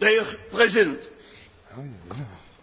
De heer oh,